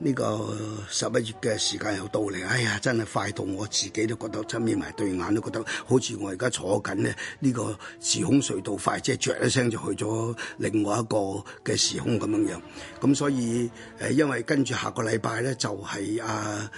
呢個十一月嘅時間又到嚟，哎呀，真係快到我自己都覺得，眯埋對眼都覺得好，好似我而家坐緊咧，呢個時空隧道快即係，着一聲就去咗另外一個嘅時空咁樣樣。咁所以誒，因為跟住下個禮拜咧，就係、是、啊。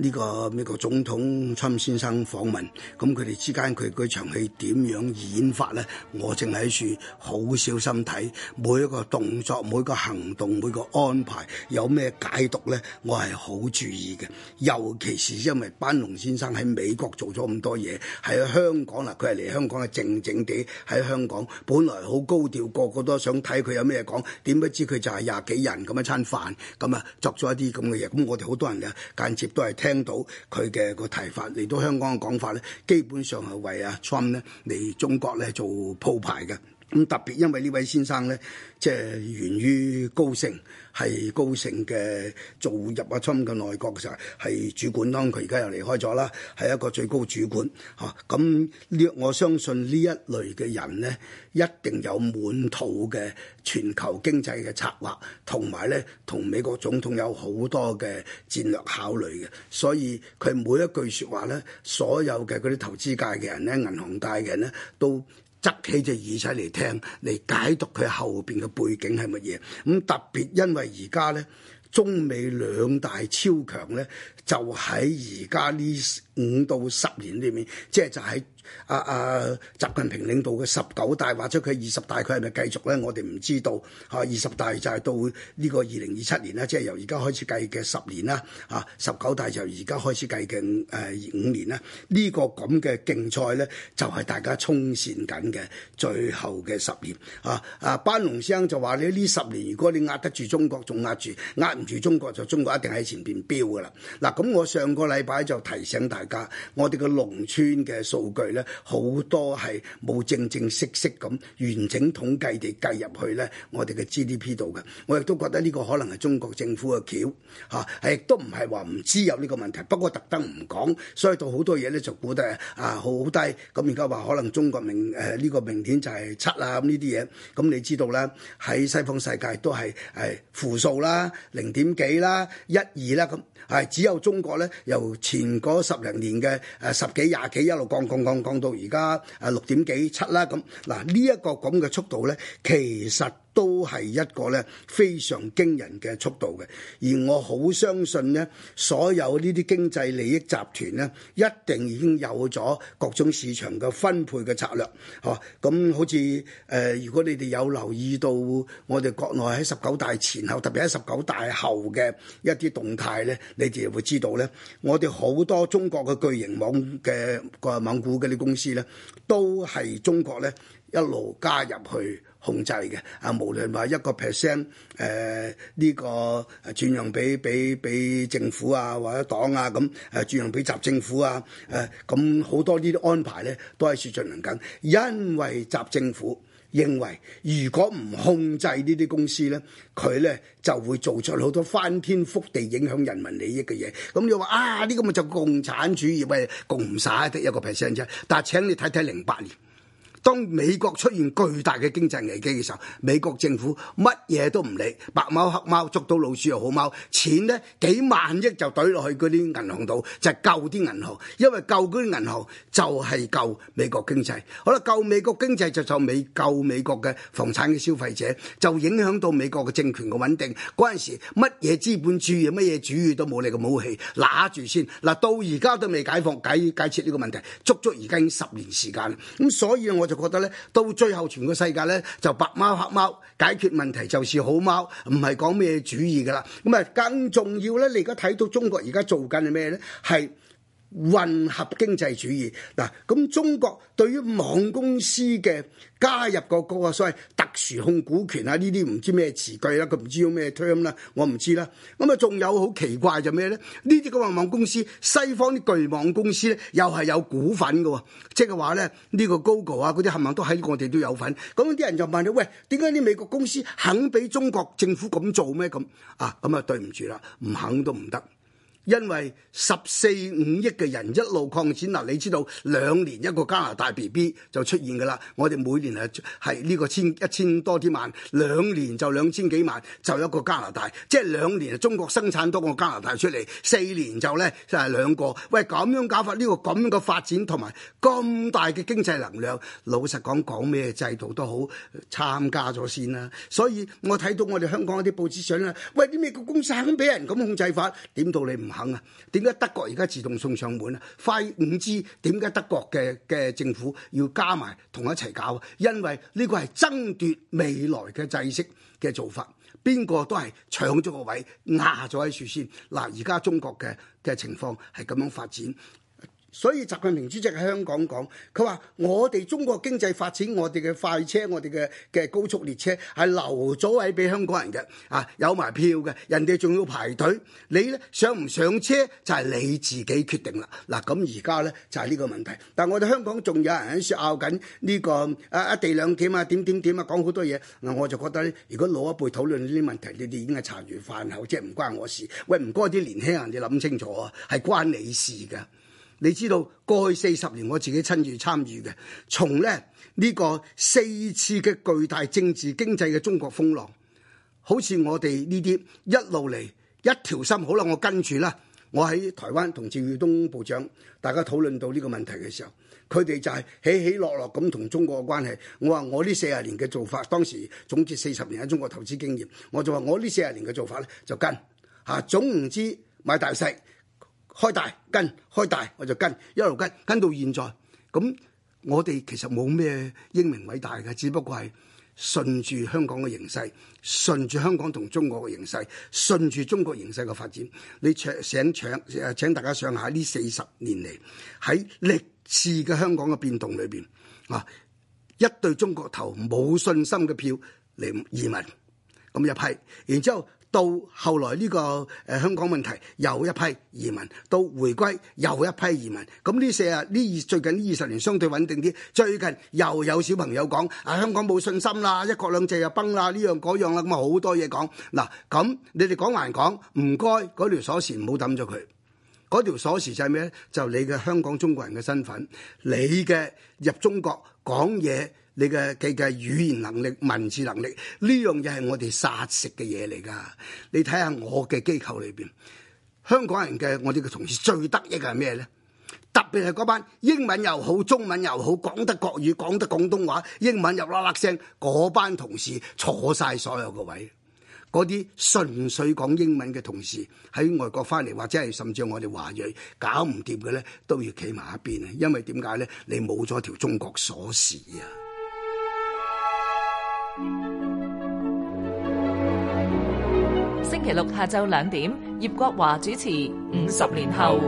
呢個美國總統侵先生訪問，咁佢哋之間佢嗰場戲點樣演發咧？我正喺處好小心睇每一個動作、每個行動，每個安排有咩解讀咧？我係好注意嘅，尤其是因為班龍先生喺美國做咗咁多嘢，喺香港啊，佢係嚟香港啊，靜靜地喺香港，本來好高調，個個都想睇佢有咩講，點不知佢就係廿幾人咁一餐飯，咁啊作咗一啲咁嘅嘢，咁我哋好多人嘅間接都係聽。聽到佢嘅個提法嚟到香港嘅講法咧，基本上係為阿 Trump 咧嚟中國咧做鋪排嘅。咁特別，因為呢位先生咧，即係源於高盛，係高盛嘅做入阿侵嘅內閣嘅時候係主管，當佢而家又離開咗啦，係一個最高主管嚇。咁呢，我相信呢一類嘅人咧，一定有滿肚嘅全球經濟嘅策劃，同埋咧，同美國總統有好多嘅戰略考慮嘅。所以佢每一句説話咧，所有嘅嗰啲投資界嘅人咧，銀行界嘅人咧，都，側起隻耳仔嚟聽嚟解讀佢後邊嘅背景係乜嘢？咁特別，因為而家咧，中美兩大超強咧。就喺而家呢五到十年裏面，即係就喺阿阿習近平領導嘅十九大或者佢二十大，佢係咪繼續咧？我哋唔知道。啊，二十大就係到呢個二零二七年啦，即係由而家開始計嘅十年啦。啊，十九大就而家開始計嘅誒五年啦。呢個咁嘅競賽咧，就係大家衝線緊嘅最後嘅十年。啊啊，班農先生就話：「你呢十年如果你壓得住中國，仲壓住；壓唔住中國，就中國一定喺前邊飆噶啦。」嗱、啊。咁我上個禮拜就提醒大家，我哋嘅農村嘅數據咧，好多係冇正正式式咁完整統計地計入去咧，我哋嘅 GDP 度嘅。我亦都覺得呢個可能係中國政府嘅橋嚇，係亦都唔係話唔知有呢個問題，不過特登唔講，所以到好多嘢咧就估得啊好低。咁而家話可能中國明誒呢、呃這個明年就係七啊咁呢啲嘢，咁你知道啦，喺西方世界都係係負數啦、零點幾啦、一二啦咁，係只有。中國咧由前嗰十零年嘅誒、啊、十幾廿幾一路降降降降，降，降到而家誒六點幾七啦咁，嗱呢一個咁嘅速度咧，其實。都係一個咧非常驚人嘅速度嘅，而我好相信呢所有呢啲經濟利益集團咧，一定已經有咗各種市場嘅分配嘅策略，嚇。咁好似誒、呃，如果你哋有留意到我哋國內喺十九大前後，特別喺十九大後嘅一啲動態咧，你哋會知道呢我哋好多中國嘅巨型網嘅個網股嗰啲公司呢都係中國呢一路加入去。控制嘅啊，無論話一個 percent，誒呢個轉讓俾俾俾政府啊，或者黨啊咁誒、啊、轉讓俾習政府啊，誒咁好多呢啲安排咧，都喺度進行緊。因為習政府認為，如果唔控制呢啲公司咧，佢咧就會做出好多翻天覆地影響人民利益嘅嘢。咁、嗯、你話啊，呢個咪就共產主義喂，共唔晒得一個 percent 啫？但係請你睇睇零八年。當美國出現巨大嘅經濟危機嘅時候，美國政府乜嘢都唔理，白貓黑貓捉到老鼠又好貓，錢呢幾萬億就懟落去嗰啲銀行度，就係救啲銀行，因為救嗰啲銀行就係救美國經濟。好啦，救美國經濟就就美救美國嘅房產嘅消費者，就影響到美國嘅政權嘅穩定。嗰陣時乜嘢資本主義、乜嘢主義都冇，你嘅武器揦住先。嗱，到而家都未解放解解決呢個問題，足足已經十年時間。咁所以我，就覺得咧，到最後全個世界咧就白貓黑貓解決問題就是好貓，唔係講咩主義㗎喇。咁啊，更重要咧，你而家睇到中國而家做緊係咩咧？係。混合經濟主義嗱，咁中國對於網公司嘅加入個嗰個所謂特殊控股權啊，呢啲唔知咩詞句啦，佢唔知叫咩 term 啦，我唔知啦。咁啊，仲有好奇怪就咩咧？呢啲咁嘅網公司，西方啲巨網公司咧，又係有股份嘅喎，即係話咧，呢個 Google 啊，嗰啲冚唪唥都喺我哋都有份。咁啲人就問你喂，點解啲美國公司肯俾中國政府咁做咩？咁啊，咁啊對唔住啦，唔肯都唔得。因為十四五億嘅人一路擴展，嗱你知道兩年一個加拿大 B B 就出現㗎啦。我哋每年係係呢個千一千多啲萬兩年就兩千幾萬就一個加拿大，即係兩年中國生產多個加拿大出嚟，四年就咧就係、是、兩個喂，咁樣搞法，呢、這個咁樣嘅發展同埋咁大嘅經濟能量，老實講講咩制度都好，參加咗先啦。所以我睇到我哋香港啲報紙上啦，喂啲咩個公司肯俾人咁控制法，點道理唔？點解德國而家自動送上門啊？快五 G，點解德國嘅嘅政府要加埋同一齊搞？因為呢個係爭奪未來嘅制式嘅做法，邊個都係搶咗個位，壓咗喺度先。嗱，而家中國嘅嘅情況係咁樣發展。所以，習近平主席喺香港講：佢話我哋中國經濟發展，我哋嘅快車，我哋嘅嘅高速列車係留咗位俾香港人嘅，啊有埋票嘅，人哋仲要排隊，你咧上唔上車就係、是、你自己決定啦。嗱、啊，咁而家咧就係、是、呢個問題。但係我哋香港仲有人喺度拗緊呢個啊一地兩檢啊點點點啊講好多嘢。嗱、啊，我就覺得咧如果老一輩討論呢啲問題，你哋已經係茶餘飯後，即係唔關我事。喂，唔該啲年輕人，你諗清楚啊，係關你事噶。你知道過去四十年我自己親自參與嘅，從呢、呢個四次嘅巨大政治經濟嘅中國風浪，好似我哋呢啲一路嚟一條心，好啦，我跟住啦。我喺台灣同趙耀東部長大家討論到呢個問題嘅時候，佢哋就係起起落落咁同中國嘅關係。我話我呢四十年嘅做法，當時總結四十年喺中國投資經驗，我就話我呢四十年嘅做法咧就跟嚇，總唔知買大細。開大跟開，大我就跟，一路跟，跟到現在。咁我哋其實冇咩英明偉大嘅，只不過係順住香港嘅形勢，順住香港同中國嘅形勢，順住中國形勢嘅發展。你請請請大家想下呢四十年嚟喺歷次嘅香港嘅變動裏邊啊，一對中國投冇信心嘅票嚟移民咁又係，然之後。到後來呢個誒香港問題又一批移民，到回歸又一批移民，咁呢四啊呢二最近呢二十年相對穩定啲，最近又有小朋友講啊香港冇信心啦，一國兩制又崩啦，呢樣嗰樣啦，咁好多嘢講。嗱，咁你哋講還講，唔該嗰條鎖匙唔好抌咗佢，嗰條鎖匙就係咩咧？就你嘅香港中國人嘅身份，你嘅入中國講嘢。你嘅佢嘅語言能力、文字能力，呢樣嘢係我哋殺食嘅嘢嚟㗎。你睇下我嘅機構裏邊，香港人嘅我哋嘅同事最得益嘅係咩咧？特別係嗰班英文又好、中文又好、講得國語、講得廣東話、英文又啦啦聲嗰班同事，坐晒所有嘅位。嗰啲純粹講英文嘅同事喺外國翻嚟，或者係甚至我哋華裔搞唔掂嘅咧，都要企埋一邊啊！因為點解咧？你冇咗條中國鎖匙啊！星期六下晝兩點，葉國華主持《五十年後》。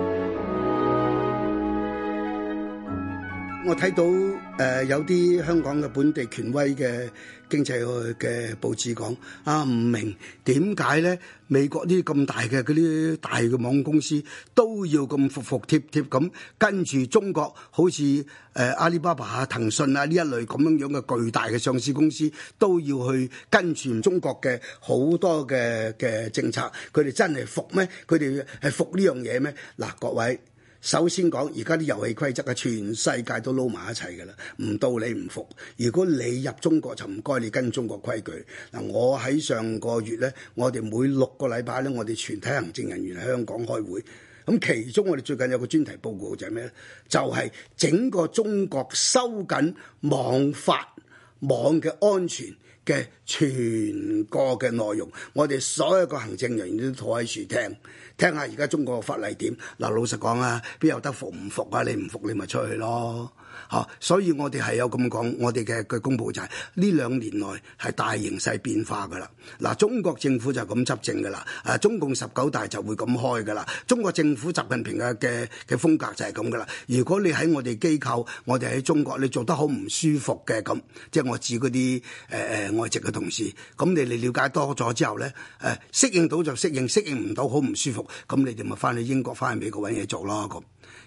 我睇到。誒、呃、有啲香港嘅本地權威嘅經濟嘅報紙講啊，唔明點解呢？美國呢啲咁大嘅啲大嘅網公司都要咁服服帖帖咁跟住中國，好似誒、呃、阿里巴巴啊、騰訊啊呢一類咁樣樣嘅巨大嘅上市公司，都要去跟住中國嘅好多嘅嘅政策，佢哋真係服咩？佢哋係服呢樣嘢咩？嗱，各位。首先講，而家啲遊戲規則啊，全世界都撈埋一齊㗎啦，唔到你唔服。如果你入中國，就唔該你跟中國規矩。嗱，我喺上個月呢，我哋每六個禮拜呢，我哋全體行政人員喺香港開會。咁其中我哋最近有個專題報告就係咩呢？就係、是、整個中國收緊網法網嘅安全。嘅全個嘅內容，我哋所有嘅行政人員都坐喺樹聽，聽下而家中國嘅法例點。嗱，老實講啊，邊有得服唔服啊？你唔服你咪出去咯。哦，所以我哋係有咁講，我哋嘅嘅公佈就係呢兩年內係大形勢變化噶啦。嗱、啊，中國政府就咁執政噶啦，誒、啊、中共十九大就會咁開噶啦，中國政府習近平嘅嘅嘅風格就係咁噶啦。如果你喺我哋機構，我哋喺中國你做得好唔舒服嘅咁，即係我指嗰啲誒誒外籍嘅同事，咁你哋了解多咗之後咧，誒、呃、適應到就適應，適應唔到好唔舒服，咁你哋咪翻去英國、翻去美國揾嘢做咯咁。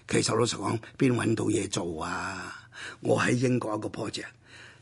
其實老實講，邊搵到嘢做啊？我喺英國一個 project，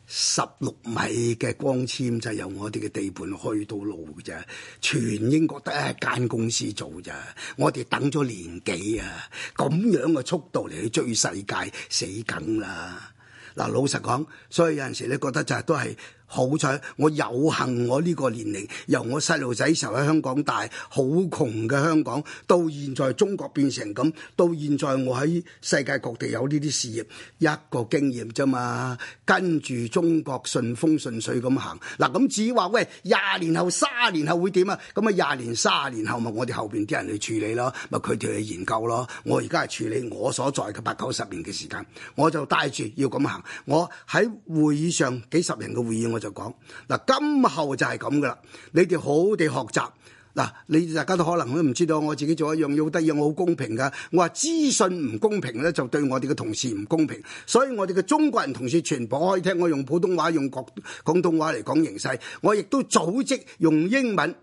十六米嘅光纖就由我哋嘅地盤去到路咋。全英國得一間公司做咋，我哋等咗年幾啊？咁樣嘅速度嚟去追世界，死梗啦！嗱，老實講，所以有陣時咧覺得就係、是、都係。好彩我有幸我呢個年齡，由我細路仔時候喺香港大，好窮嘅香港，到現在中國變成咁，到現在我喺世界各地有呢啲事業，一個經驗啫嘛，跟住中國順風順水咁行。嗱、啊，咁至於話喂廿年後卅年後會點啊？咁啊廿年、卅年後咪我哋後邊啲人去處理咯，咪佢哋去研究咯。我而家係處理我所在嘅八九十年嘅時間，我就帶住要咁行。我喺會議上幾十人嘅會議我。就講嗱，今後就係咁噶啦。你哋好好地學習嗱，你大家都可能都唔知道，我自己做一樣嘢好得意，我好公平噶。我話資訊唔公平咧，就對我哋嘅同事唔公平。所以我哋嘅中國人同事全部可以聽我用普通話、用廣廣東話嚟講形勢，我亦都組織用英文。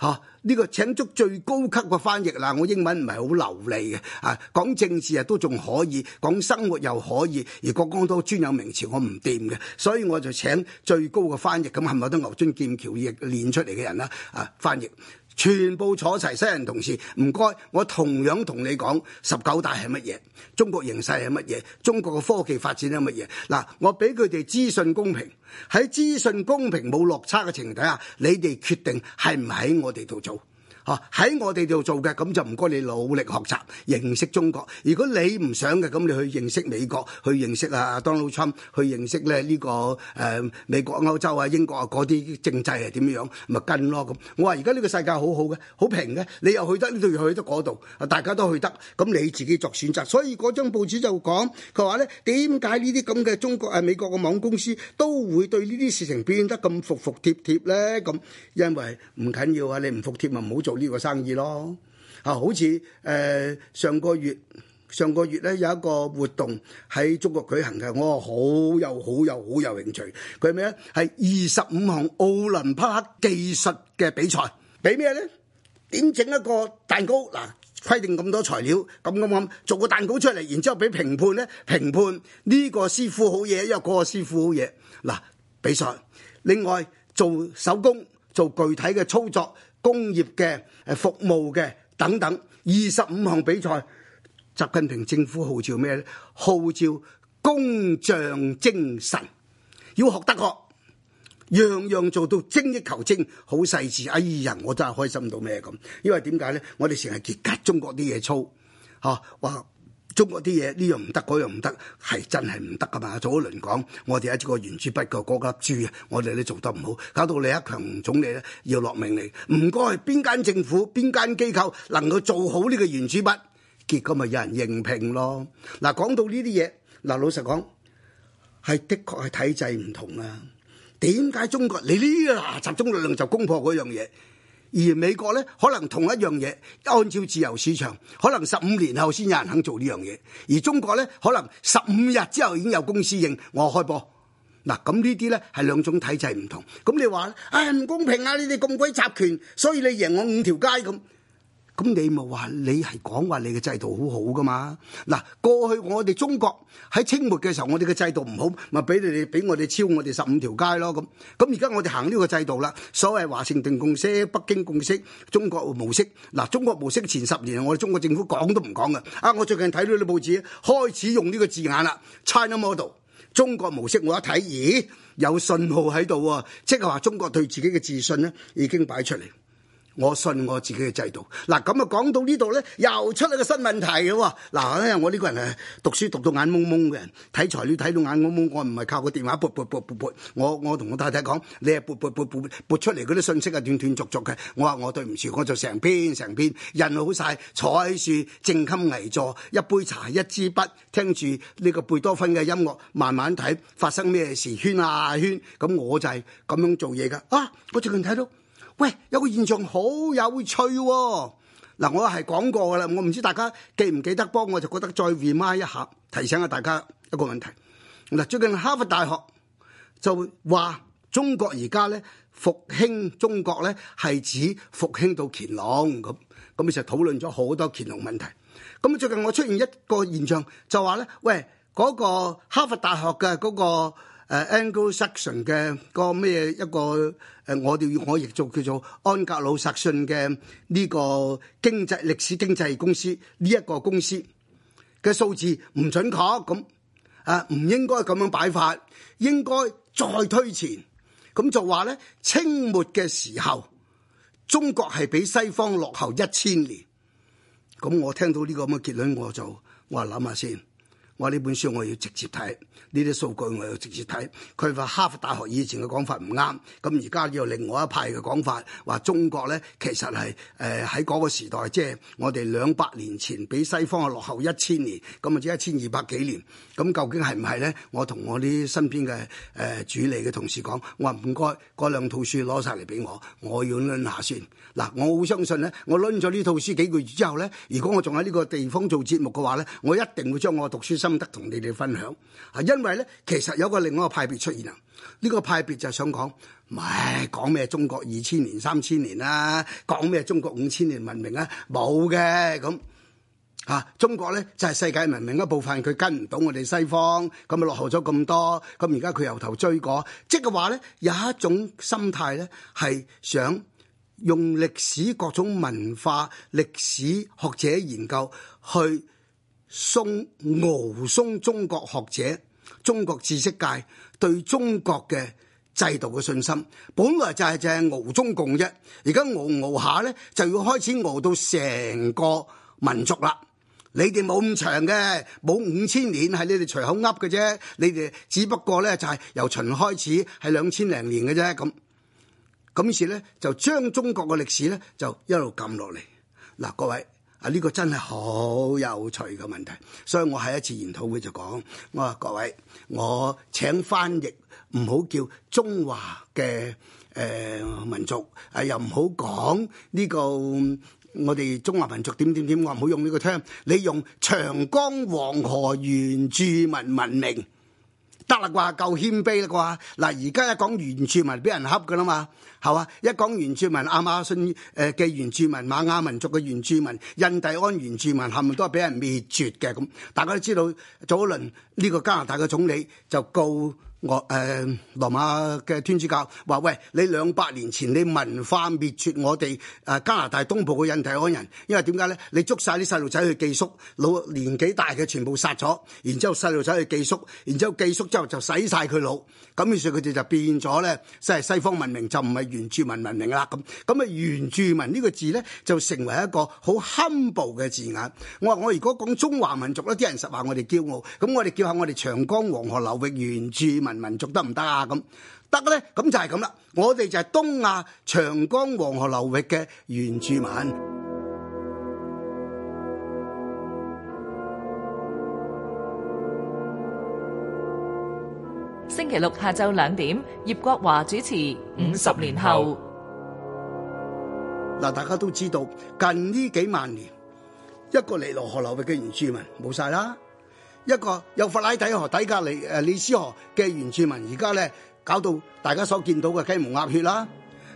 嚇！呢、啊這個請足最高級嘅翻譯啦，我英文唔係好流利嘅，啊講政治啊都仲可以，講生活又可以，而國光都專有名詞我唔掂嘅，所以我就請最高嘅翻譯，咁係咪都牛津劍橋譯練出嚟嘅人啦？啊，翻譯。全部坐齊，新人同事唔該，我同樣同你講，十九大係乜嘢？中國形勢係乜嘢？中國嘅科技發展係乜嘢？嗱，我俾佢哋資訊公平，喺資訊公平冇落差嘅前提下，你哋決定係唔唔喺我哋度做。嚇，喺我哋度做嘅，咁就唔該你努力學習認識中國。如果你唔想嘅，咁你去認識美國，去認識啊阿當奴侵，去認識咧呢個誒美國、歐洲啊、英國啊嗰啲政制係點樣，咪跟咯咁。我話而家呢個世界好好嘅，好平嘅，你又去得呢度，去得嗰度，啊大家都去得，咁你自己作選擇。所以嗰張報紙就講佢話咧，點解呢啲咁嘅中國誒美國嘅網公司都會對呢啲事情變得咁服服帖帖咧？咁因為唔緊要啊，你唔服帖咪唔好做。呢個生意咯啊，好似誒上個月上個月咧有一個活動喺中國舉行嘅，我好有好有好有興趣。佢咩咧？係二十五項奧林匹克技術嘅比賽，比咩咧？點整一個蛋糕？嗱，規定咁多材料，咁咁咁做個蛋糕出嚟，然之後俾評判咧，評判呢個師傅好嘢，因為嗰個師傅好嘢。嗱，比賽。另外做手工，做具體嘅操作。工業嘅、誒服務嘅等等，二十五項比賽，習近平政府號召咩咧？號召工匠精神，要學得學，樣樣做到精益求精，好細緻。哎呀，我真係開心到咩咁？因為點解咧？我哋成日結結中國啲嘢操。嚇、啊、話。中國啲嘢，呢樣唔得，嗰樣唔得，係真係唔得噶嘛？早一輪講，我哋喺個圓珠筆個嗰粒珠啊，我哋都做得唔好，搞到李克強總理咧要落命嚟。唔該，邊間政府、邊間機構能夠做好呢個圓珠筆，結果咪有人應聘咯。嗱，講到呢啲嘢，嗱老實講，係的確係體制唔同啊。點解中國你呢嗱集中力量就攻破嗰樣嘢？而美國咧，可能同一樣嘢，按照自由市場，可能十五年後先有人肯做呢樣嘢；而中國咧，可能十五日之後已經有公司認我開波。嗱，咁呢啲咧係兩種體制唔同。咁你話咧，唉、哎、唔公平啊！呢啲咁鬼集權，所以你贏我五條街咁。咁你咪話你係講話你嘅制度好好噶嘛？嗱，過去我哋中國喺清末嘅時候，我哋嘅制度唔好，咪俾你哋俾我哋超我哋十五條街咯。咁咁而家我哋行呢個制度啦，所謂華盛頓共識、北京共識、中國模式。嗱、啊，中國模式前十年我哋中國政府講都唔講噶，啊，我最近睇到呢個報紙開始用呢個字眼啦，China Model，中國模式。我一睇，咦，有信號喺度啊，即係話中國對自己嘅自信咧，已經擺出嚟。我信我自己嘅制度。嗱，咁啊，講到呢度咧，又出嚟個新問題嘅喎。嗱，啊，我呢個人係讀書讀到眼矇矇嘅人，睇材料睇到眼矇矇。我唔係靠個電話撥撥撥撥撥。我我同我太太講，你係撥撥撥撥撥出嚟嗰啲信息啊，斷斷續續嘅。我話我對唔住，我就成篇成篇，篇印好晒，坐喺樹正襟危坐，一杯茶，一支筆，聽住呢個貝多芬嘅音樂，慢慢睇發生咩事，圈啊圈。咁我就係咁樣做嘢噶。啊，我最近睇到。啊啊喂，有個現象好有趣喎，哦！嗱，我係講過噶啦，我唔知大家記唔記得，不過我就覺得再 remind 一下，提醒下大家一個問題。嗱，最近哈佛大學就話中國而家咧復興中國咧係指復興到乾隆咁，咁咪就討論咗好多乾隆問題。咁最近我出現一個現象，就話咧，喂，嗰，那個哈佛大學嘅嗰，那個。Uh, Angle section 嘅、個咩一個誒、呃、我哋我亦做叫做安格魯實信嘅呢個經濟歷史經濟公司呢一、個公司嘅數字唔準確咁誒唔應該咁樣擺法，應該再推前咁就話咧，清末嘅時候中國係比西方落後一千年，咁我聽到呢個咁嘅結論，我就我諗下先。我呢本書我要直接睇，呢啲數據我要直接睇。佢話哈佛大學以前嘅講法唔啱，咁而家有另外一派嘅講法，話中國呢，其實係誒喺嗰個時代，即係我哋兩百年前比西方係落後一千年，咁或者一千二百幾年。咁究竟係唔係呢？我同我啲身邊嘅誒主理嘅同事講，我話唔該，嗰兩套書攞晒嚟俾我，我要攆下先。嗱，我好相信呢，我攆咗呢套書幾個月之後呢，如果我仲喺呢個地方做節目嘅話呢，我一定會將我讀書心得同你哋分享啊，因為咧，其實有個另外一個派別出現啊。呢、這個派別就係想、哎、講，唔係講咩中國二千年、三千年啦、啊，講咩中國五千年文明啊，冇嘅咁啊。中國咧就係、是、世界文明一部分，佢跟唔到我哋西方，咁啊落後咗咁多，咁而家佢由頭追過，即係話咧有一種心態咧，係想用歷史各種文化、歷史學者研究去。松傲松，中國學者、中國知識界對中國嘅制度嘅信心，本來就係就係傲中共啫。而家傲唔傲下咧，就要開始傲到成個民族啦。你哋冇咁長嘅，冇五千年，係你哋隨口噏嘅啫。你哋只不過咧就係由秦開始，係兩千零年嘅啫咁。咁於是咧就將中國嘅歷史咧就一路撳落嚟。嗱，各位，呢個真係好有趣嘅問題，所以我喺一次研討會就講，我話各位，我請翻譯，唔好叫中華嘅誒民族，誒、啊、又唔好講呢個、嗯、我哋中華民族點點點，我唔好用呢個 term，你用長江黃河原住民文明。得啦啩，夠謙卑啦啩。嗱，而家一講原住民，俾人恰㗎啦嘛，係嘛？一講原住民，亞馬遜誒嘅原住民，馬雅民族嘅原住民，印第安原住民，冚唪唥都係俾人滅絕嘅咁。大家都知道，早一輪呢個加拿大嘅總理就告。我誒、呃、羅馬嘅天主教話：「喂，你兩百年前你文化滅絕我哋誒、呃、加拿大東部嘅印第安人，因為點解咧？你捉晒啲細路仔去寄宿，老年紀大嘅全部殺咗，然之後細路仔去寄宿，然之後寄宿之後就洗晒佢腦，咁於是佢哋就變咗咧，即係西方文明就唔係原住民文明啦咁。咁啊，原住民呢個字咧就成為一個好 humble 嘅字眼。我話：「我如果講中華民族咧，啲人實話我哋驕傲，咁我哋叫下我哋長江黃河流域原住民。民族得唔得啊？咁得嘅咧，咁就係咁啦。我哋就係東亞長江黃河流域嘅原住民。星期六下晝兩點，葉國華主持。五十年後，嗱，大家都知道近呢幾萬年，一個尼羅河流域嘅原住民冇晒啦。一個由弗拉底河底格里誒、利，呃、里斯河嘅原住民，而家咧搞到大家所見到嘅雞毛鴨血啦。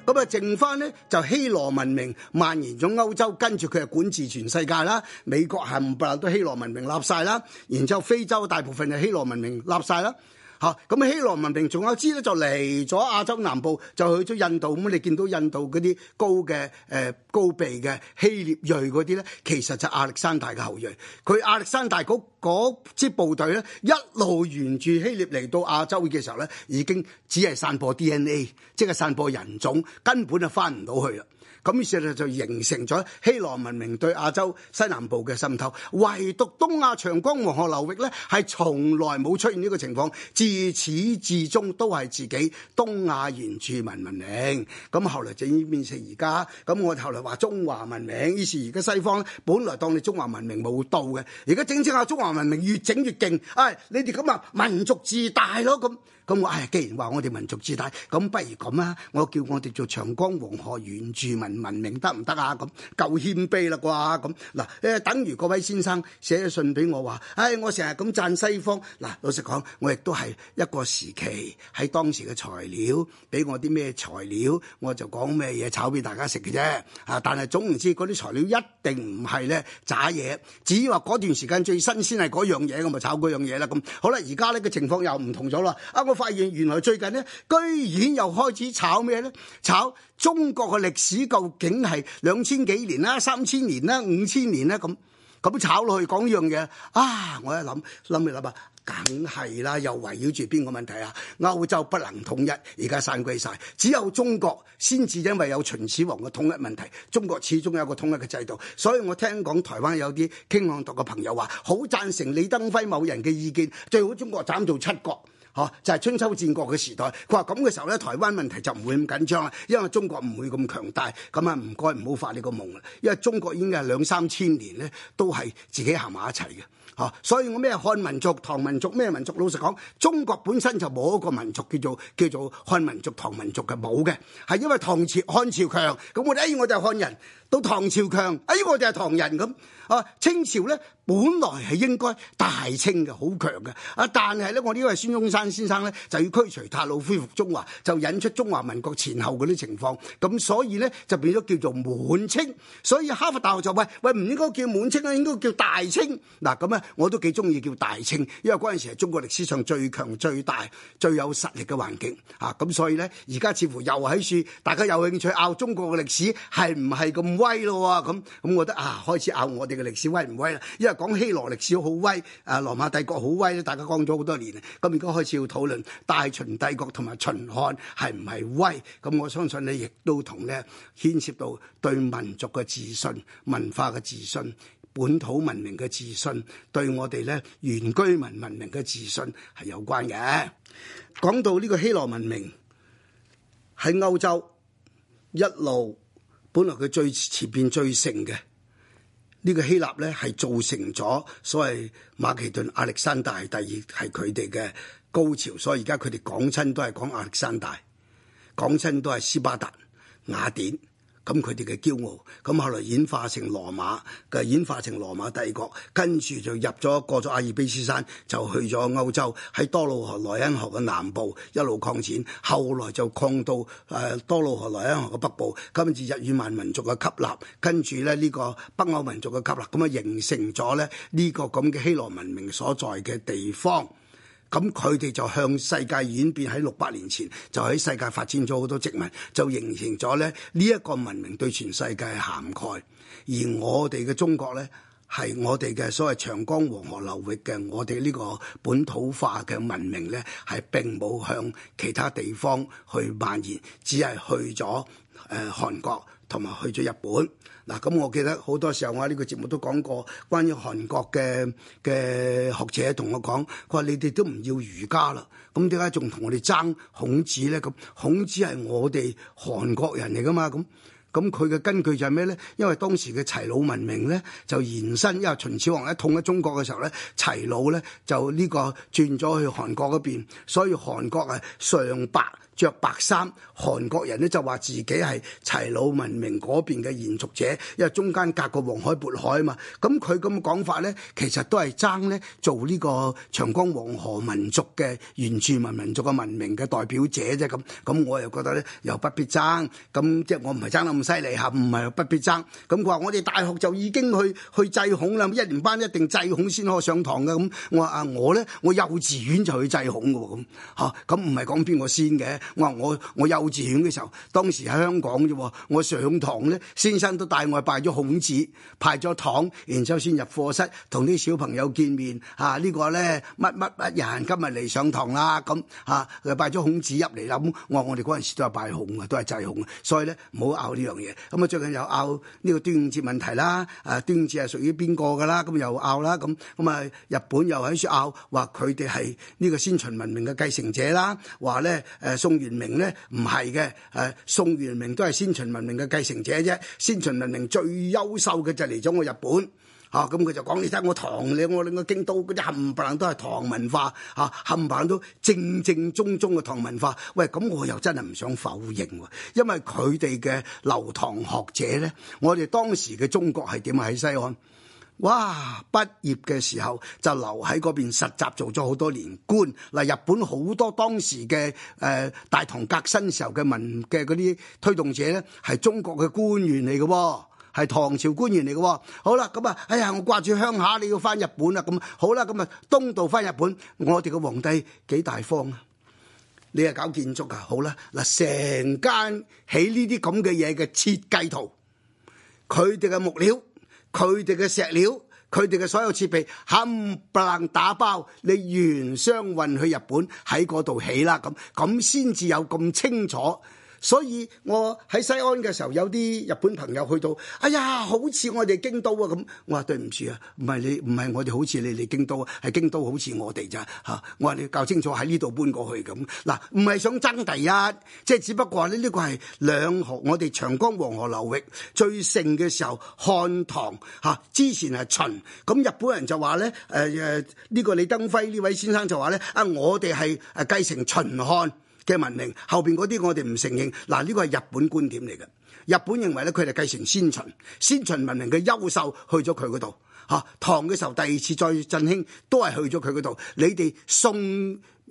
咁啊，剩翻咧就希羅文明蔓延咗歐洲，跟住佢係管治全世界啦。美國冚唪唥都希羅文明立晒啦，然之後非洲大部分係希羅文明立晒啦。嚇！咁希羅文明仲有知咧，就嚟咗亞洲南部，就去咗印度。咁、嗯、你見到印度嗰啲高嘅誒、呃、高鼻嘅希臘裔嗰啲咧，其實就亞歷山大嘅後裔。佢亞歷山大嗰嗰支部隊咧，一路沿住希臘嚟到亞洲嘅時候咧，已經只係散播 DNA，即係散播人種，根本就翻唔到去啦。咁於是就形成咗希羅文明對亞洲西南部嘅滲透，唯獨東亞長江黃河流域咧，係從來冇出現呢個情況，自始至終都係自己東亞原住民文明。咁後來就變成而家，咁我哋後嚟話中華文明，於是而家西方本來當你中華文明冇到嘅，而家整整下中華文明越整越勁，唉、哎，你哋咁啊民族自大咯咁。咁我唉，既然話我哋民族之大，咁不如咁啊！我叫我哋做長江黃河原住民文明得唔得啊？咁夠謙卑啦啩，咁嗱，等於嗰位先生寫咗信俾我話，唉、哎，我成日咁讚西方嗱，老實講，我亦都係一個時期喺當時嘅材料俾我啲咩材料，我就講咩嘢炒俾大家食嘅啫嚇。但係總唔知嗰啲材料一定唔係咧渣嘢，至於話嗰段時間最新鮮係嗰樣嘢，咁咪炒嗰樣嘢啦。咁好啦，而家呢個情況又唔同咗啦啊！發現原來，最近咧，居然又開始炒咩咧？炒中國嘅歷史究竟係兩千幾年啦，啊，三千年啦，啊，五千年啦，啊。咁咁炒落去講呢樣嘢啊！我一諗，諗嚟諗去，梗係啦，又圍繞住邊個問題啊？歐洲不能統一，而家散鬼晒，只有中國先至因為有秦始皇嘅統一問題，中國始終有一個統一嘅制度。所以我聽講台灣有啲傾向獨嘅朋友話，好讚成李登輝某人嘅意見，最好中國斬做七國。哦、就係、是、春秋戰國嘅時代，佢話咁嘅時候咧，台灣問題就唔會咁緊張啦，因為中國唔會咁強大。咁啊，唔該唔好發呢個夢啦，因為中國已經係兩三千年咧，都係自己行埋一齊嘅。哦，所以我咩漢民族、唐民族咩民族，老實講，中國本身就冇一個民族叫做叫做漢民族、唐民族嘅，冇嘅，係因為唐朝、漢朝強，咁我哋、哎，我就係漢人。到唐朝強，哎，我哋係唐人咁啊。清朝呢，本來係應該大清嘅，好強嘅。啊，但係呢，我呢位孫中山先生呢，就要驅除韃虜，恢復中華，就引出中華民國前後嗰啲情況。咁、啊、所以呢，就變咗叫做滿清。所以哈佛大學就話喂喂，唔應該叫滿清啦，應該叫大清。嗱、啊、咁咧，我都幾中意叫大清，因為嗰陣時係中國歷史上最強、最大、最有實力嘅環境。啊，咁、啊、所以呢，而家似乎又喺處，大家有興趣拗中國嘅歷史係唔係咁？威咯喎，咁咁我覺得啊，開始拗我哋嘅歷史威唔威啦。因為講希羅歷史好威，啊，羅馬帝國好威咧，大家講咗好多年。咁而家開始要討論大秦帝國同埋秦漢係唔係威？咁我相信咧，亦都同咧牽涉到對民族嘅自信、文化嘅自信、本土文明嘅自信，對我哋咧原居民文明嘅自信係有關嘅。講到呢個希羅文明喺歐洲一路。本來佢最前邊最盛嘅呢、這個希臘咧，係造成咗所謂馬其頓亞歷山大，第二係佢哋嘅高潮，所以而家佢哋講親都係講亞歷山大，講親都係斯巴達雅典。咁佢哋嘅驕傲，咁後來演化成羅馬嘅演化成羅馬帝國，跟住就入咗過咗阿爾卑斯山，就去咗歐洲喺多瑙河萊茵河嘅南部一路擴展，後來就擴到誒、呃、多瑙河萊茵河嘅北部，跟住日耳曼民族嘅吸納，跟住咧呢、呢個北歐民族嘅吸納，咁啊形成咗咧呢、呢個咁嘅希羅文明所在嘅地方。咁佢哋就向世界演變。喺六百年前就喺世界發展咗好多殖民，就形成咗咧呢一個文明對全世界嘅涵蓋。而我哋嘅中國呢，係我哋嘅所謂長江黃河流域嘅，我哋呢個本土化嘅文明呢，係並冇向其他地方去蔓延，只係去咗誒、呃、韓國。同埋去咗日本嗱，咁，啊，我記得好多時候我呢個節目都講過關於韓國嘅嘅學者同我講，佢話你哋都唔要儒家啦，咁點解仲同我哋爭孔子咧？咁孔子係我哋韓國人嚟噶嘛？咁咁佢嘅根據就係咩咧？因為當時嘅齊魯文明咧就延伸，因為秦始皇咧，統一中國嘅時候咧，齊魯咧就呢個轉咗去韓國嗰邊，所以韓國係上百着白衫，韓國人咧就話自己係齊魯文明嗰邊嘅延續者，因為中間隔個黃海渤海啊嘛。咁佢咁講法咧，其實都係爭咧做呢個長江黃河民族嘅原住民民族嘅文明嘅代表者啫咁。咁我又覺得咧又不必爭，咁即係我唔係爭得咁犀利嚇，唔係又不必爭。咁佢話我哋大學就已經去去祭孔啦，一年班一定祭孔先可以上堂嘅。咁我話啊我咧，我幼稚園就去祭孔嘅喎咁嚇，咁唔係講邊個先嘅。我話我我幼稚園嘅時候，當時喺香港啫喎，我上堂咧，先生都帶我拜咗孔子，拜咗堂，然之後先入課室同啲小朋友見面，嚇、啊這個、呢個咧乜乜乜人今日嚟上堂啦咁嚇，佢拜咗孔子入嚟啦，咁我話我哋嗰陣時都係拜孔啊，都係祭孔啊，所以咧唔好拗呢樣嘢。咁啊最近又拗呢個端午節問題啦，啊端午節係屬於邊個㗎啦？咁又拗啦，咁咁啊日本又喺度拗話佢哋係呢個先秦文明嘅繼承者啦，話咧誒宋。元明咧唔係嘅，誒宋元明都係先秦文明嘅繼承者啫，先秦文明最優秀嘅就嚟咗我日本。嚇，咁佢就講你聽，我唐你我你個京都嗰啲冚唪冷都係唐文化，嚇，冚唪冷都正正宗宗嘅唐文化，喂，咁我又真係唔想否認喎、啊，因為佢哋嘅流唐學者咧，我哋當時嘅中國係點喺西安？哇！畢業嘅時候就留喺嗰邊實習做咗好多年官。嗱，日本好多當時嘅誒、呃、大唐革新時候嘅文嘅嗰啲推動者咧，係中國嘅官員嚟嘅喎，係唐朝官員嚟嘅喎。好啦，咁、嗯、啊，哎呀，我掛住鄉下，你要翻日本啦。咁、嗯、好啦，咁、嗯、啊東渡翻日本，我哋嘅皇帝幾大方啊！你啊搞建築啊，好啦，嗱，成間起呢啲咁嘅嘢嘅設計圖，佢哋嘅木料。佢哋嘅石料，佢哋嘅所有設備冚唪唥打包，你原箱運去日本喺嗰度起啦，咁咁先至有咁清楚。所以我喺西安嘅時候，有啲日本朋友去到，哎呀，好似我哋京都啊咁。我話對唔住啊，唔係你，唔係我哋好似你哋京都，係京都好似我哋咋嚇。我話你搞清楚喺呢度搬過去咁。嗱，唔、啊、係想爭第一，即係只不過呢呢個係兩河，我哋長江黃河流域最盛嘅時候，漢唐嚇、啊。之前係秦，咁日本人就話咧，誒、呃、誒，呢、呢個李登輝呢位先生就話咧，啊，我哋係誒繼承秦漢嘅文明，後邊嗰啲我哋唔承認。嗱，呢個係日本觀點嚟嘅。日本認為咧，佢哋繼承先秦先秦文明嘅優秀去，去咗佢嗰度嚇。唐嘅時候第二次再振興，都係去咗佢嗰度。你哋宋、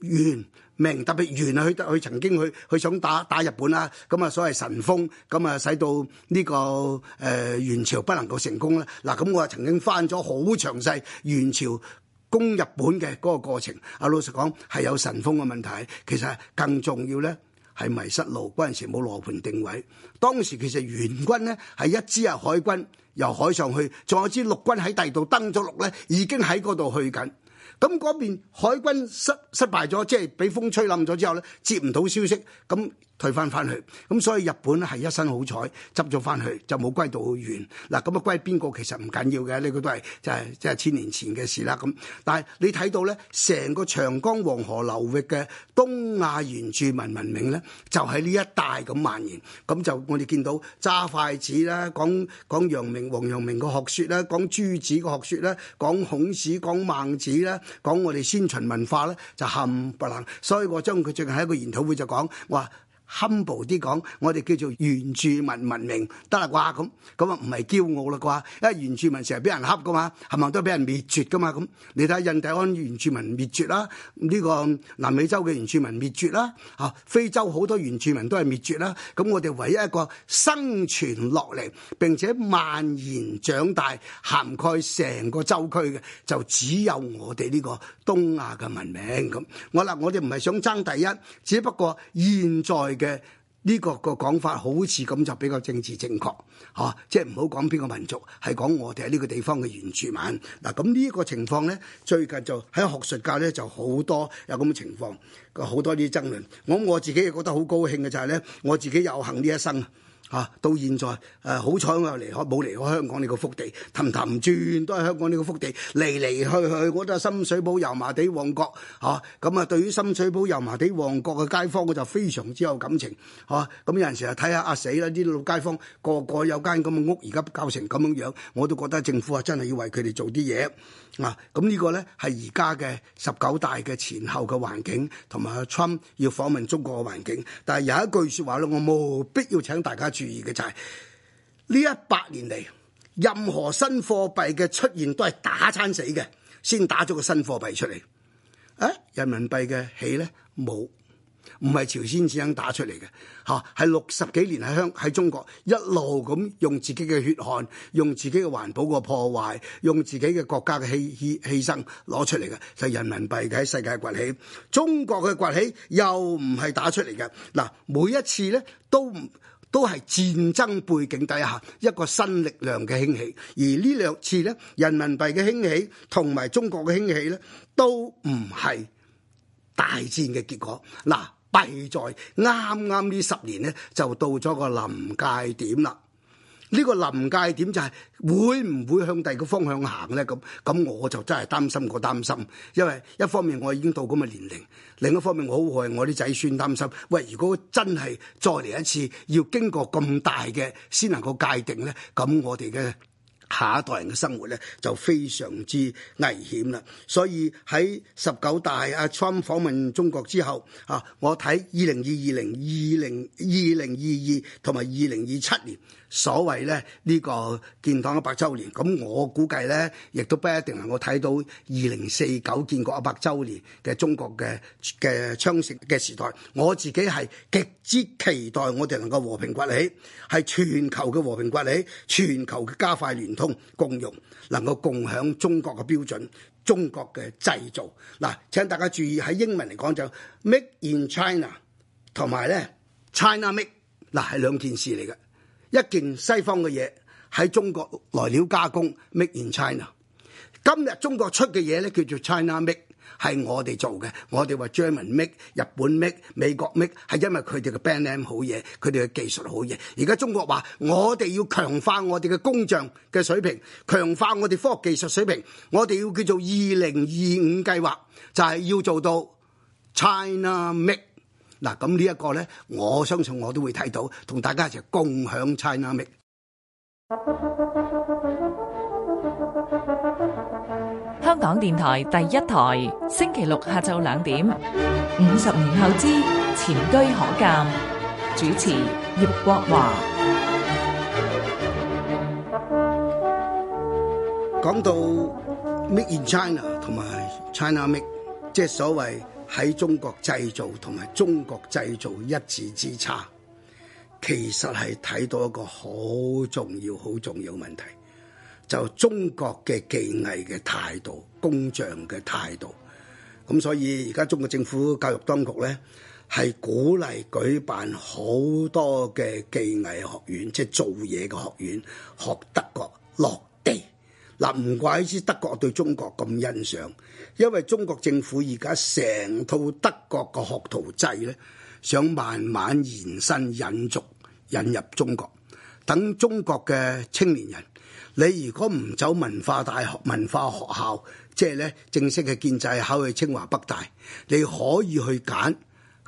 元、明，特別元啊，去得佢曾經去去想打打日本啦。咁啊，所謂神風，咁啊使到呢、這個誒、呃、元朝不能夠成功啦。嗱，咁我啊，曾經翻咗好詳細元朝。攻日本嘅嗰個過程，阿老實講係有神風嘅問題，其實更重要咧係迷失路，嗰陣時冇羅盤定位。當時其實元軍呢，係一支呀海軍由海上去，仲有一支陸軍喺第二度登咗陸咧，已經喺嗰度去緊。咁嗰邊海軍失失敗咗，即係俾風吹冧咗之後咧，接唔到消息，咁。退翻翻去，咁所以日本係一身好彩，執咗翻去就冇歸到好遠。嗱，咁啊歸邊個其實唔緊要嘅，呢個都係就係即係千年前嘅事啦。咁但係你睇到咧，成個長江黃河流域嘅東亞原住民文明咧，就喺呢一帶咁蔓延。咁就我哋見到揸筷子啦，講講陽明王陽明個學説啦，講朱子個學説啦，講孔子講孟子啦，講我哋先秦文化咧，就冚唪唥。所以我將佢最近喺一個研討會就講話。Humble 啲講，我哋叫做原住民文明得啦啩咁，咁啊唔係驕傲啦啩，因為原住民成日俾人恰㗎嘛，係咪都俾人滅絕㗎嘛咁？你睇下印第安原住民滅絕啦、啊，呢、呢個南美洲嘅原住民滅絕啦、啊，嚇非洲好多原住民都係滅絕啦、啊，咁我哋唯一一個生存落嚟並且蔓延長大涵蓋成個洲區嘅，就只有我哋呢個東亞嘅文明咁。我嗱，我哋唔係想爭第一，只不過現在嘅呢個個講法好似咁就比較政治正確嚇、啊，即係唔好講邊個民族，係講我哋喺呢個地方嘅原住民嗱。咁、啊、呢個情況咧，最近就喺學術界咧就好多有咁嘅情況，好多啲爭論。咁我，我自己又覺得好高興嘅就係咧，我自己有幸呢一生。嚇，到現在，誒好彩我又離開冇離開香港呢個福地，氹氹轉都係香港呢個福地，嚟嚟去去我都係深水埗油麻地旺角嚇。咁啊、嗯，對於深水埗油麻地旺角嘅街坊，我就非常之有感情嚇。咁有陣時啊，睇、嗯、下阿、啊、死啦啲老街坊個個有間咁嘅屋，而家搞成咁樣樣，我都覺得政府啊真係要為佢哋做啲嘢啊。咁、嗯這個、呢個咧係而家嘅十九大嘅前後嘅環境同埋川普要訪問中國嘅環境。但係有一句說話咧，我冇必要請大家。注意嘅就係呢一百年嚟，任何新貨幣嘅出現都係打餐死嘅，先打咗個新貨幣出嚟。誒、啊，人民幣嘅起咧冇，唔係朝鮮只肯打出嚟嘅，吓、啊、係六十幾年喺香喺中國一路咁用自己嘅血汗，用自己嘅環保個破壞，用自己嘅國家嘅氣氣犧牲攞出嚟嘅，就係人民幣嘅喺世界崛起。中國嘅崛起又唔係打出嚟嘅，嗱、啊、每一次咧都唔。都係戰爭背景底下一個新力量嘅興起，而呢兩次咧，人民幣嘅興起同埋中國嘅興起咧，都唔係大戰嘅結果。嗱、啊，弊在啱啱呢十年咧，就到咗個臨界點啦。呢個臨界點就係會唔會向第二個方向行呢？咁咁我就真係擔心，過擔心，因為一方面我已經到咁嘅年齡，另一方面我好害我啲仔孫擔心。喂，如果真係再嚟一次，要經過咁大嘅先能夠界定呢。咁我哋嘅下一代人嘅生活呢，就非常之危險啦。所以喺十九大阿 Trump、啊、訪問中國之後啊，我睇二零二二零二零二零二二同埋二零二七年。所謂咧呢、這個建黨一百周年，咁我估計咧，亦都不一定能夠睇到二零四九建國一百周年嘅中國嘅嘅昌盛嘅時代。我自己係極之期待我哋能夠和平崛起，係全球嘅和平崛起，全球嘅加快聯通共融，能夠共享中國嘅標準、中國嘅製造。嗱，請大家注意喺英文嚟講就 Make in China，同埋咧 China Make，嗱係兩件事嚟嘅。一件西方嘅嘢喺中國來料加工 make in China，今日中國出嘅嘢咧叫做 China make，係我哋做嘅，我哋話 German make、日本 make、美國 make 係因為佢哋嘅 brand name 好嘢，佢哋嘅技術好嘢。而家中國話我哋要強化我哋嘅工匠嘅水平，強化我哋科技技術水平，我哋要叫做二零二五計劃，就係、是、要做到 China make。嗱，咁呢一個咧，我相信我都會睇到，同大家一齊共享 China Week。香港電台第一台，星期六下晝兩點，五十年後之前車可鑑，主持葉國華。講到 Made in China 同埋 China Week，即係所謂。喺中國製造同埋中國製造一字之差，其實係睇到一個好重要、好重要嘅問題，就中國嘅技藝嘅態度、工匠嘅態度。咁所以而家中國政府教育當局咧，係鼓勵舉辦好多嘅技藝學院，即係做嘢嘅學院，學德國落地。嗱、呃，唔怪之德國對中國咁欣賞。因為中國政府而家成套德國個學徒制呢，想慢慢延伸，引續，引入中國，等中國嘅青年人，你如果唔走文化大學、文化學校，即係咧正式嘅建制考去清華北大，你可以去揀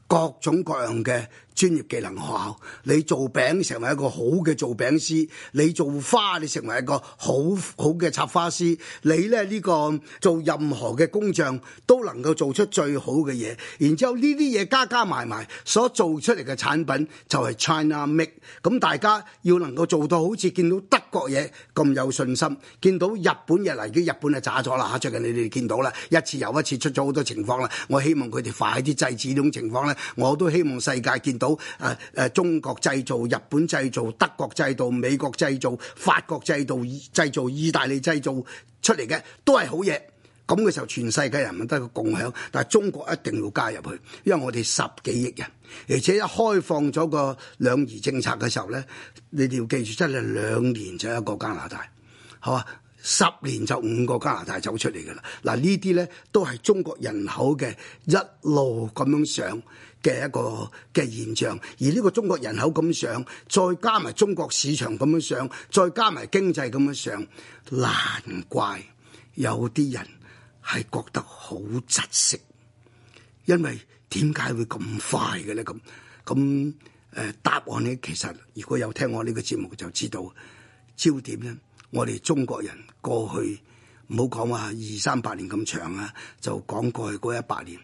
各種各樣嘅專業技能學校，你做餅成為一個好嘅做餅師，你做花你成為一個好好嘅插花師，你咧呢、呢個做任何嘅工匠都能夠做出最好嘅嘢。然之後呢啲嘢加加埋埋所做出嚟嘅產品就係 China Make、嗯。咁大家要能夠做到好似見到德國嘢咁有信心，見到日本嘢嚟，啲日、日本就炸咗啦吓，最近你哋見到啦，一次又一次出咗好多情況啦。我希望佢哋快啲制止呢種情況咧。我都希望世界見。到誒誒中國製造、日本製造、德國製造、美國製造、法國製造、製造意大利製造出嚟嘅都係好嘢。咁嘅時候，全世界人民得個共享，但係中國一定要加入去，因為我哋十幾億人，而且一開放咗個兩兒政策嘅時候咧，你哋要記住，真係兩年就一個加拿大，係嘛？十年就五個加拿大走出嚟㗎啦。嗱呢啲咧都係中國人口嘅一路咁樣上嘅一個嘅現象，而呢個中國人口咁上，再加埋中國市場咁樣上，再加埋經濟咁樣上，難怪有啲人係覺得好窒息，因為點解會咁快嘅咧？咁咁誒答案咧，其實如果有聽我呢個節目就知道，焦點咧，我哋中國人過去唔好講話二三百年咁長啊，就講過去嗰一百年。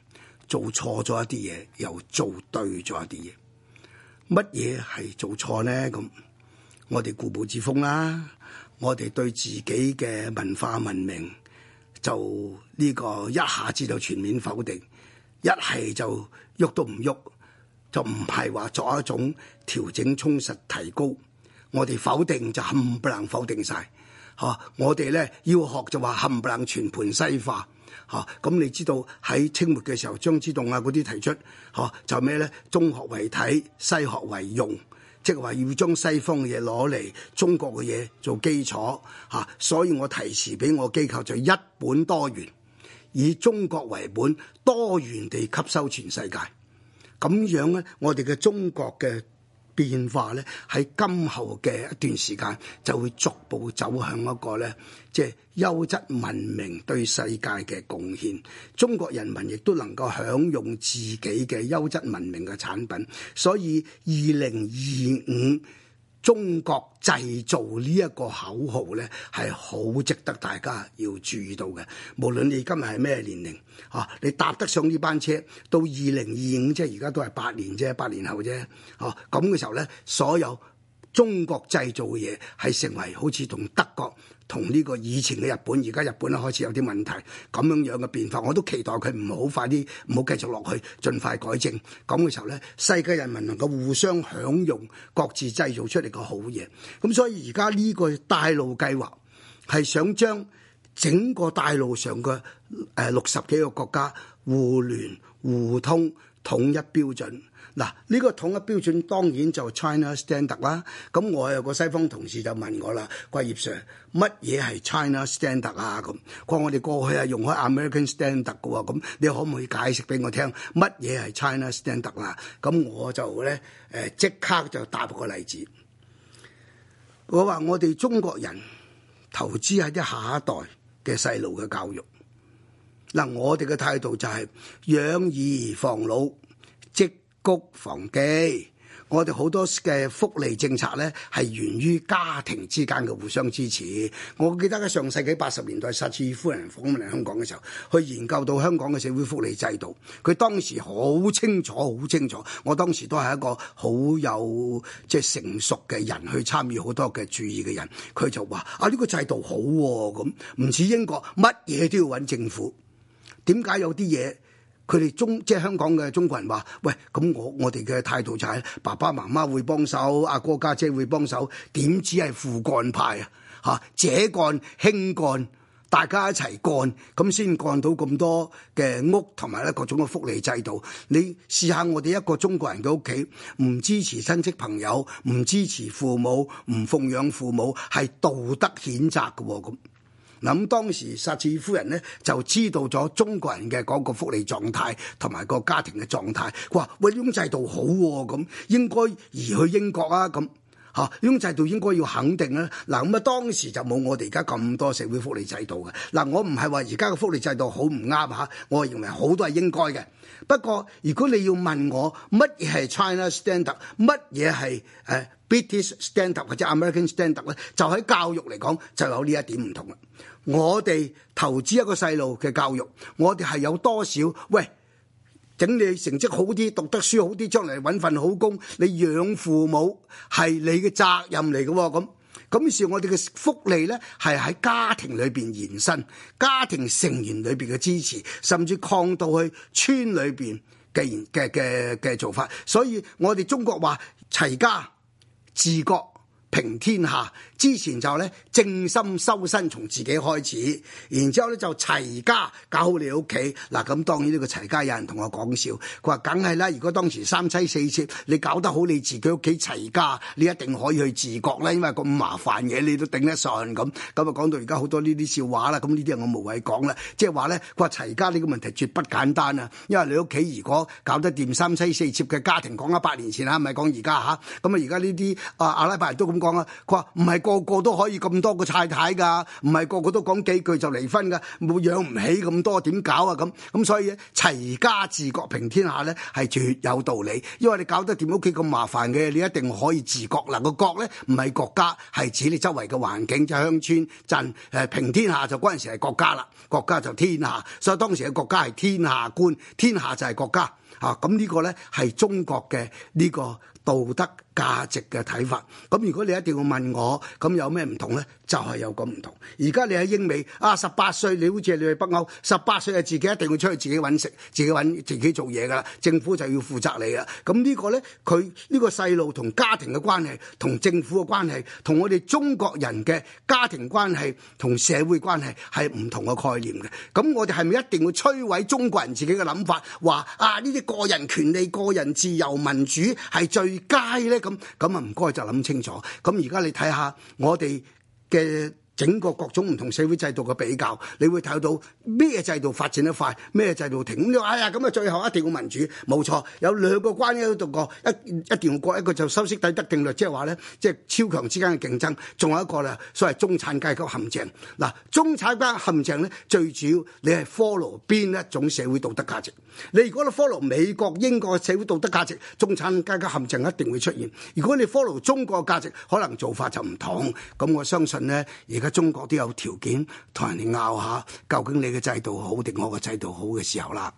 做錯咗一啲嘢，又做對咗一啲嘢。乜嘢係做錯呢？咁我哋固步自封啦，我哋對自己嘅文化文明就呢個一下子就全面否定，一係就喐都唔喐，就唔係話作一種調整、充實、提高。我哋否定就冚唪唥否定晒。嗬！我哋咧要學就話冚唪唥全盤西化。嚇，咁、嗯、你知道喺清末嘅時候，張之洞啊嗰啲提出，嚇、嗯、就咩、是、咧？中學為體，西學為用，即係話要將西方嘅嘢攞嚟中國嘅嘢做基礎。嚇、嗯，所以我提示俾我機構就一本多元，以中國為本，多元地吸收全世界。咁樣咧，我哋嘅中國嘅。變化咧，喺今後嘅一段時間就會逐步走向一個咧，即係優質文明對世界嘅貢獻。中國人民亦都能夠享用自己嘅優質文明嘅產品，所以二零二五。中國製造呢一個口號呢，係好值得大家要注意到嘅。無論你今日係咩年齡，啊，你搭得上呢班車，到二零二五，即係而家都係八年啫，八年後啫，哦、啊，咁嘅時候呢，所有中國製造嘅嘢，係成為好似同德國。同呢個以前嘅日本，而家日本咧，開始有啲問題咁樣樣嘅變化，我都期待佢唔好快啲，唔好繼續落去，盡快改正。咁嘅時候呢，世界人民能夠互相享用各自製造出嚟嘅好嘢。咁所以而家呢個大陸計劃係想將整個大陸上嘅誒六十幾個國家互聯互通、統一標準。嗱，呢個統一標準當然就係 China Standard 啦。咁我有個西方同事就問我啦，關葉 Sir，乜嘢係 China Standard 啊？咁佢話我哋過去啊用開 American Standard 嘅喎，咁你可唔可以解釋俾我聽乜嘢係 China Standard 啊？咁我就咧誒、呃、即刻就答個例子，我話我哋中國人投資喺啲下一代嘅細路嘅教育。嗱，我哋嘅態度就係養兒防老。屋房基，我哋好多嘅福利政策咧，係源於家庭之間嘅互相支持。我記得喺上世紀八十年代，撒切爾夫人訪問嚟香港嘅時候，去研究到香港嘅社會福利制度，佢當時好清楚，好清楚。我當時都係一個好有即係成熟嘅人去參與好多嘅注意嘅人，佢就話啊呢、這個制度好咁、啊，唔似英國乜嘢都要揾政府，點解有啲嘢？佢哋中即係香港嘅中國人話：「喂，咁我我哋嘅態度就係、是、爸爸媽媽會幫手，阿哥家姐、姐會幫手，點止係父幹派啊？吓、啊？姐幹、兄幹，大家一齊幹。咁先幹到咁多嘅屋同埋咧各種嘅福利制度。你試下我哋一個中國人嘅屋企，唔支持親戚朋友，唔支持父母，唔奉養父母，係道德譴責嘅喎咁。咁當時撒切爾夫人咧就知道咗中國人嘅嗰個福利狀態同埋個家庭嘅狀態，話喂，呢種制度好喎，咁、啊、應該移去英國啊，咁。啊，呢種制度應該要肯定咧。嗱，啊，咁啊當時就冇我哋而家咁多社會福利制度嘅。嗱，啊，我唔係話而家嘅福利制度好唔啱嚇，我認為好多係應該嘅。不過如果你要問我乜嘢係 China standard，乜嘢係誒 British standard 或者 American standard 咧，就喺教育嚟講就有呢一點唔同啦。我哋投資一個細路嘅教育，我哋係有多少喂？整你成績好啲，讀得書好啲，將嚟揾份好工，你養父母係你嘅責任嚟嘅喎。咁咁於是，我哋嘅福利咧係喺家庭裏邊延伸，家庭成員裏邊嘅支持，甚至擴到去村裏邊嘅嘅嘅嘅做法。所以我哋中國話齊家治國，平天下之前就咧正心修身，從自己開始，然之後咧就齊家搞好你屋企。嗱咁當然呢個齊家有人同我講笑，佢話梗係啦。如果當時三妻四妾，你搞得好你自己屋企齊家，你一定可以去治國啦。因為咁麻煩嘢，你都頂得順，咁。咁啊講到而家好多呢啲笑話啦，咁呢啲我無謂講啦。即係話咧，佢話齊家呢個問題絕不簡單啊。因為你屋企如果搞得掂三妻四妾嘅家庭，講下八年前吓，唔係講而家吓，咁啊而家呢啲啊阿拉伯人都咁。講啊，佢話唔係個個都可以咁多個太太噶唔係個個都講幾句就離婚噶冇養唔起咁多點搞啊咁，咁，所以咧齊家治國平天下咧係絕有道理，因為你搞得掂屋企咁麻煩嘅，你一定可以治國。嗱個國咧唔係國家，係指你周圍嘅環境，就鄉村鎮，誒平天下就嗰陣時係國家啦，國家就天下，所以當時嘅國家係天下觀，天下就係國家啊。咁呢個咧係中國嘅呢個道德價值嘅睇法，咁如果你一定要問我，咁有咩唔同呢？就係、是、有咁唔同。而家你喺英美啊，十八歲你好似你去北歐，十八歲係自己一定要出去自己揾食、自己揾自己做嘢噶啦，政府就要負責你啦。咁呢個呢，佢呢、呢個細路同家庭嘅關係、同政府嘅關係、同我哋中國人嘅家庭關係同社會關係係唔同嘅概念嘅。咁我哋係咪一定會摧毀中國人自己嘅諗法？話啊呢啲個人權利、個人自由、民主係最佳呢？咁咁啊，唔該就諗清楚。咁而家你睇下我哋嘅整個各種唔同社會制度嘅比較，你會睇到咩制度發展得快，咩制度停咗。哎呀，咁啊，最後一定要民主，冇錯。有兩個關喺度過，一一定要過一個就修昔底德定律，即係話咧，即係超強之間嘅競爭。仲有一個咧，所謂中產階級陷阱。嗱，中產階級陷阱咧，最主要你係 follow 邊一種社會道德價值。你如果都 follow 美國、英國嘅社會道德價值，中產階級陷阱一定會出現。如果你 follow 中國嘅價值，可能做法就唔同。咁我相信咧，而家中國都有條件同人哋拗下，究竟你嘅制度好定我嘅制度好嘅時候啦。